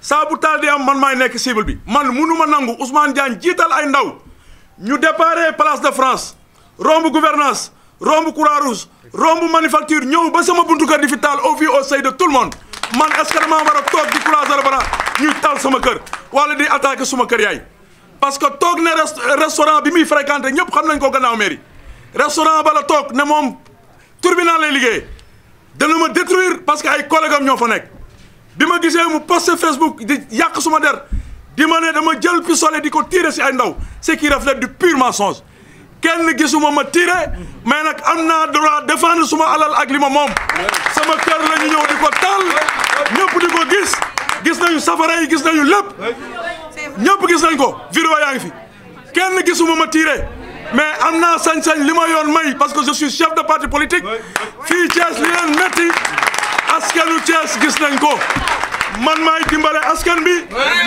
saabu bu taal di am man maay nekk cible bi man munuma nangu Ousmane Diagne jiital ay ndaw ñu déparé place de France romb gouvernance romb Croix-Rouge romb manufacture ñëw ba sama buntu kër di fi taal au vu au seuil de tout le monde man est-ce que damaa war a toog di croiser le bras ñuy taal sama kër wala di attaquer suma kër yaay parce que toog ne restaurant bi muy fréquenté ñëpp xam nañ ko gannaaw mairie restaurant bala toog ne moom tribunal lay liggéey dana ma détruire parce que ay collègues ñoo fa nekk ma gisee mu posté Facebook di yak suma der di mané dama jël pistolet di ko tiré si ay ndaw c'est qui reflète du pur mensonge kenn gisuma ma tirer mais nak amna droit défendre suma alal ak lima mom sama cœur la ñu ñëw diko tal ñëpp diko ko gis gis nañu safara yi gis nañu lepp ñëpp gis nañ ko vidéo ya ngi fi kenn gisuma ma tirer mais amna sañ-sañ lima ma yoon may parce que je suis chef de parti politique fi Thiès li metti métti askanu Thiès gis nañ ko man maay dimbale askan bi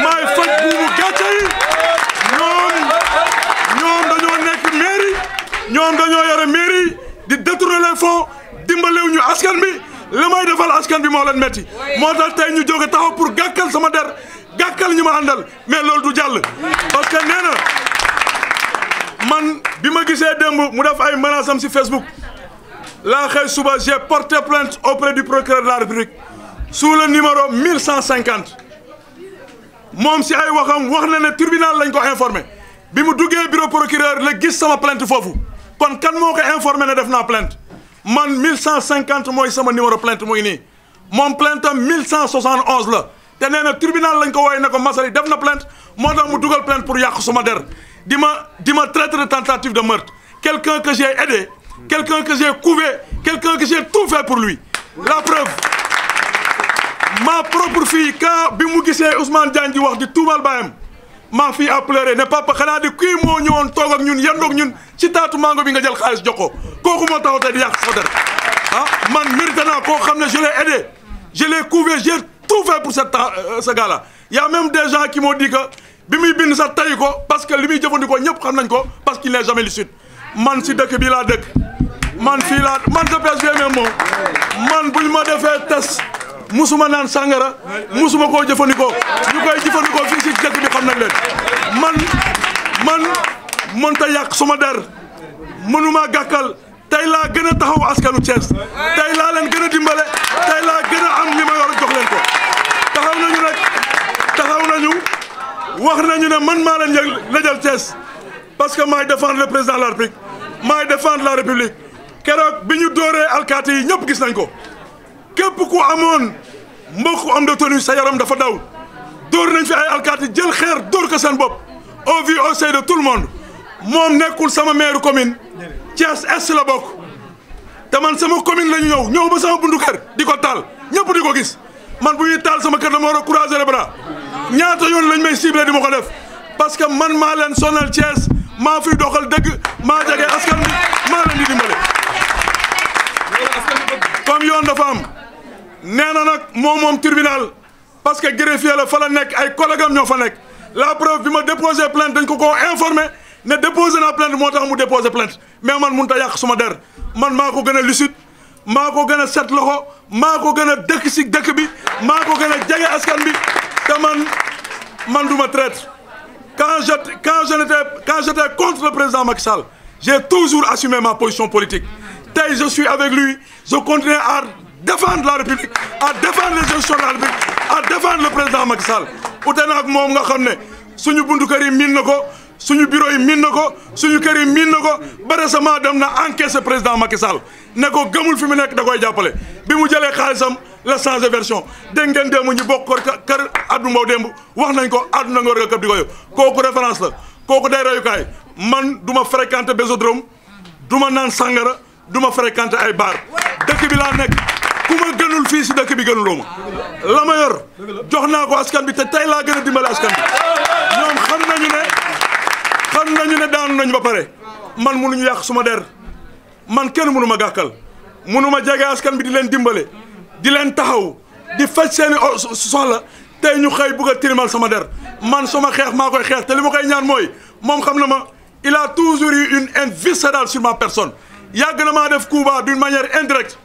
maay faj buubu gàcce yi ñoom ñoom dañoo nekk mairie ñoom dañoo yore mairie di détourner les fonds dimbalewu ñu askan bi li may defal askan bi moo leen metti moo tax tey ñu jóge taxaw pour gàkkal sama der gàkkal ñu ma àndal mais loolu du jàll parce que nee na man bi ma gisee démb mu def ay menaces am si Facebook laa xëy suba j'ai porté au auprès du procureur de la République sous le numéro 1150 Mom si ay waxam wax na tribunal lañ ko informé bi mu bureau procureur le gis sama plainte fofu. kon kan moko informé ne def plainte man 1150 moy sama numéro plainte moy ni. Mon plainte 1171 la Té nee tribunal lañ ko woy ne ko Massaly def na plainte moo tax mu dugal plainte pour yak suma der Dima ma traître de tentative de meurtre quelqu'un que j'ai aidé quelqu'un que j'ai couvé quelqu'un que j'ai tout fait pour lui la preuve ma propre fille ka bi mu gisee Ousmane Diagne di wax di toubal bayam Ma fi a pleurer ne papa xanaa di ki moo ñëwoon toog ak ñun yandok ñun ci taatu mango bi nga jël xaliss jox ko kooku moo di ah man mérité naa koo je l'ai aidé je l'ai couvé j'ai tout fait pour cette euh, ce gars là y a même des gens qui m'ont dit que bi muy bind sa tay ko parce que limi muy ko ñep xam nañ ko parce qu'il n'est jamais lucide man si dëkk bi la dëkk man fi la man sa PSV même moi. man buñ ma defee test musuma naan sàngara musuma koo jëfandikoo ñu koy jëfandikoo fii si dëkk bi xam na leen man man mënta yàq suma dar mënuma gàkkal tey laa gën a taxaw askanu Thiès tey laa leen gën a dimbale tey laa gën a am li ma yor jox leen ko taxaw nañu nag taxaw nañu wax nañu ne man maa leen lëjal Thiès parce que maay défendre le président de la république maay défendre la république keroog bi ñu dooree alkaati yi ñëpp gis nañ ko كيف يكون عمون مكو عم دوتوني سيارم دفا داو دور نجي اي الكاتي جيل خير دور كسان بوب او في او سي دو تول موند موم سما مير كومين تياس اس بوك تمان سما كومين لا نيو نيو با سما بوندو كير ديكو تال نيب ديكو غيس مان بو يتال سما كير مورا كوراج ري برا نياتا يون لا نمي سيبل ديمو كو ديف باسكو مان ما لين سونال تياس ما في دوخال دغ ما جاغي اسكان ما لين ديمبالي كوم يون دا فام nena nak nag tribunal parce que greffier la fa la nek ay collègues am ñoo fa nekk la preuve bi ma déposé plainte dañ ko ko informer ne déposer naa plainte motax mu déposer plainte mais man mun ta yàq suma der man mako gëna lucide mako gëna gën set loxo maa ko gën a dëkk ci dëkk bi mako gëna gën askan bi te man man duma traître quand je quand je n'étais quand j'étais contre le président Macky Sall j'ai toujours assumé ma position politique tay je suis avec lui je continue à défendre la République à défendre les institutions de la République à défendre le président Macky Sall ute naag moom nga suñu buntu kër yi suñu bureau yi suñu kër na président Macky Sall Nako gëmul fi mu nek bi mu la version de ngeen dem ñu bokk Abdou Mbow wax nañ ko référence la day man duma ma Bezodrome, duma nan sangara, duma fréquenter ku ma gënul fii si dëkk bi gënuloo ma la ma yor jox naa ko askan bi te tey laa gën a dimbale askan bi ñoom xam nañu ne xam nañu ne daanu nañu ba pare man munuñu yàq suma der man kenn munu ma gàkkal munu ma jege askan bi di leen dimbale di leen taxaw di faj seeni soxla tey ñu xëy bugg a tilimal sama der man suma xeex maa koy xeex te li ma koy ñaan mooy moom xam na ma il a toujours eu une haine viscérale sur ma personne yàgg na maa def Cuba d'une manière indirecte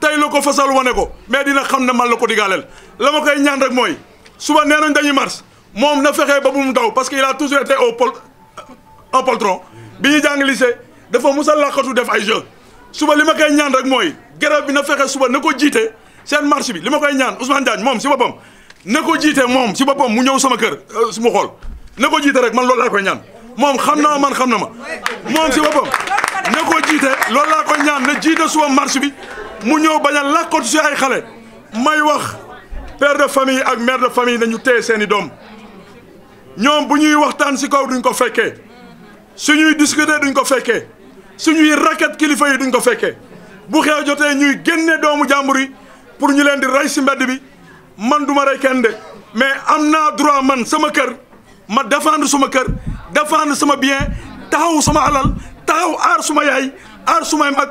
tey la ko fasal wane ko mais dina xam ne man la ko digaaleel la ma koy ñaan rek mooy suba nee nañ dañuy mars moom na fexe ba bu mu daw parce que il a toujours été au pol un poltron bi ñu jàng lycée dafa musa def ay jeu suba li ma koy ñaan rek mooy grève bi na fexe suba na ko jiite seen marche bi li ma koy ñaan Ousmane Diagne moom si boppam neko jiite moom si boppam mu ñëw sama kër euh, su xool na ko jiite rek man loolu laa ñaan moom xam na man xam na ma moom si boppam na loolu laa koy ñaan na jiite suba bi mu ñëw bañ a làkkoon ci ay xale may wax père de famille ak mère de famille nañu téye seeni doom ñoom bu ñuy waxtaan si kaw duñ ko fekkee suñuy discuter duñ ko fekkee suñuy raket kilifa yi duñ ko fekkee bu xew jotee ñuy génne doomu jàmbur yi pour ñu leen di rey si mbedd bi man du ma rey kenn de mais am naa droit man sama kër ma défendre suma kër défendre sama bien taxaw sama alal taxaw aar suma yaay aar suma mag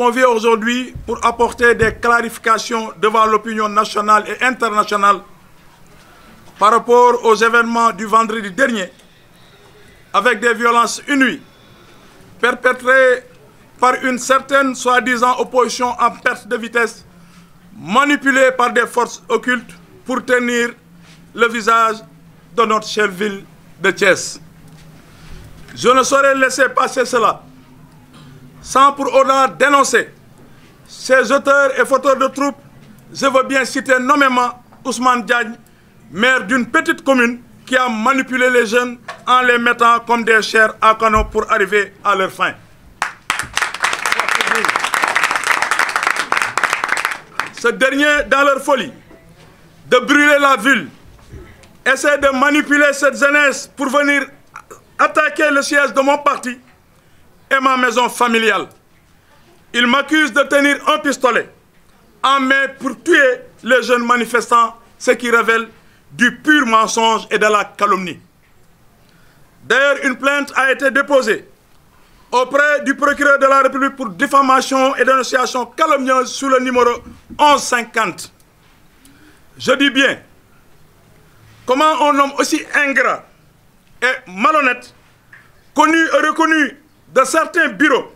convient aujourd'hui pour apporter des clarifications devant l'opinion nationale et internationale par rapport aux événements du vendredi dernier, avec des violences inouïes, perpétrées par une certaine soi-disant opposition en perte de vitesse, manipulée par des forces occultes pour tenir le visage de notre chère ville de Thiès. Je ne saurais laisser passer cela sans pour autant dénoncer ces auteurs et fauteurs de troupes, je veux bien citer nommément Ousmane Diagne, maire d'une petite commune qui a manipulé les jeunes en les mettant comme des chairs à canon pour arriver à leur fin. Ce dernier, dans leur folie, de brûler la ville, essaie de manipuler cette jeunesse pour venir attaquer le siège de mon parti et ma maison familiale. Il m'accuse de tenir un pistolet en main pour tuer les jeunes manifestants, ce qui révèle du pur mensonge et de la calomnie. D'ailleurs, une plainte a été déposée auprès du procureur de la République pour diffamation et dénonciation calomnieuse sous le numéro 1150. Je dis bien, comment un homme aussi ingrat et malhonnête, connu et reconnu de certains bureaux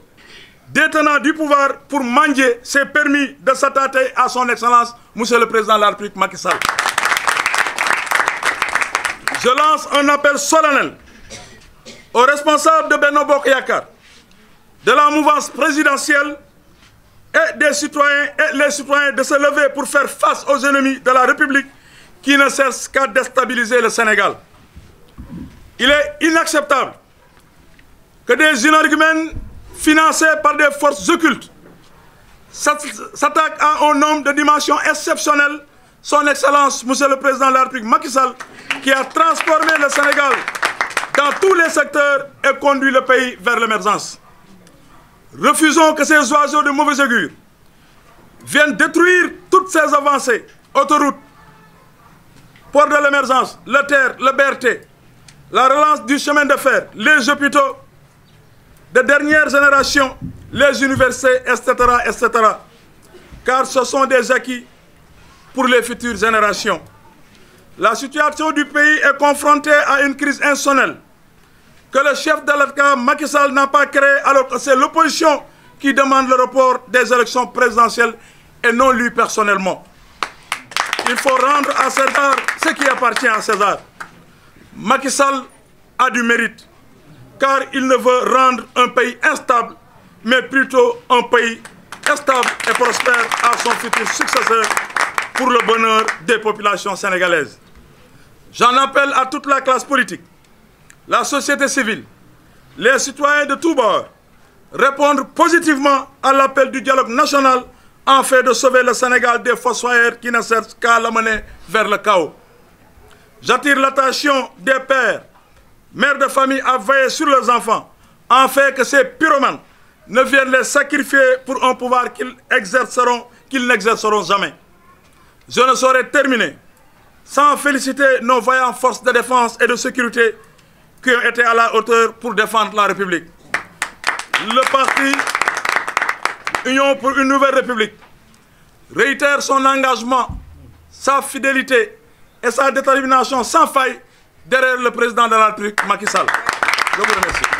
détenant du pouvoir pour manger ses permis de s'attaquer à son excellence, Monsieur le Président de la République Macky Sall. Je lance un appel solennel aux responsables de Benobok Yakar, de la mouvance présidentielle et des citoyens et les citoyens de se lever pour faire face aux ennemis de la République qui ne cessent qu'à déstabiliser le Sénégal. Il est inacceptable que des énergumènes financés par des forces occultes s'attaquent à un homme de dimension exceptionnelle, son Excellence, Monsieur le Président de la République Macky Sall, qui a transformé le Sénégal dans tous les secteurs et conduit le pays vers l'émergence. Refusons que ces oiseaux de mauvais augure viennent détruire toutes ces avancées, autoroutes, ports de l'émergence, le terre, le BRT, la relance du chemin de fer, les hôpitaux, des dernières générations, les universités, etc., etc. Car ce sont des acquis pour les futures générations. La situation du pays est confrontée à une crise insonnelle que le chef de l'ATCA, Macky Sall, n'a pas créée alors que c'est l'opposition qui demande le report des élections présidentielles et non lui personnellement. Il faut rendre à César ce qui appartient à César. Macky Sall a du mérite car il ne veut rendre un pays instable, mais plutôt un pays stable et prospère à son futur successeur pour le bonheur des populations sénégalaises. J'en appelle à toute la classe politique, la société civile, les citoyens de tous bords, répondre positivement à l'appel du dialogue national en fait de sauver le Sénégal des fossoyeurs qui ne servent qu'à l'amener vers le chaos. J'attire l'attention des pères, mère de famille, a veillé sur leurs enfants, en fait que ces pyromanes ne viennent les sacrifier pour un pouvoir qu'ils exerceront, qu'ils n'exerceront jamais. Je ne saurais terminer sans féliciter nos voyants forces de défense et de sécurité qui ont été à la hauteur pour défendre la République. Le parti Union pour une nouvelle République réitère son engagement, sa fidélité et sa détermination sans faille derrière le président de la République, Macky Sall. Je vous remercie.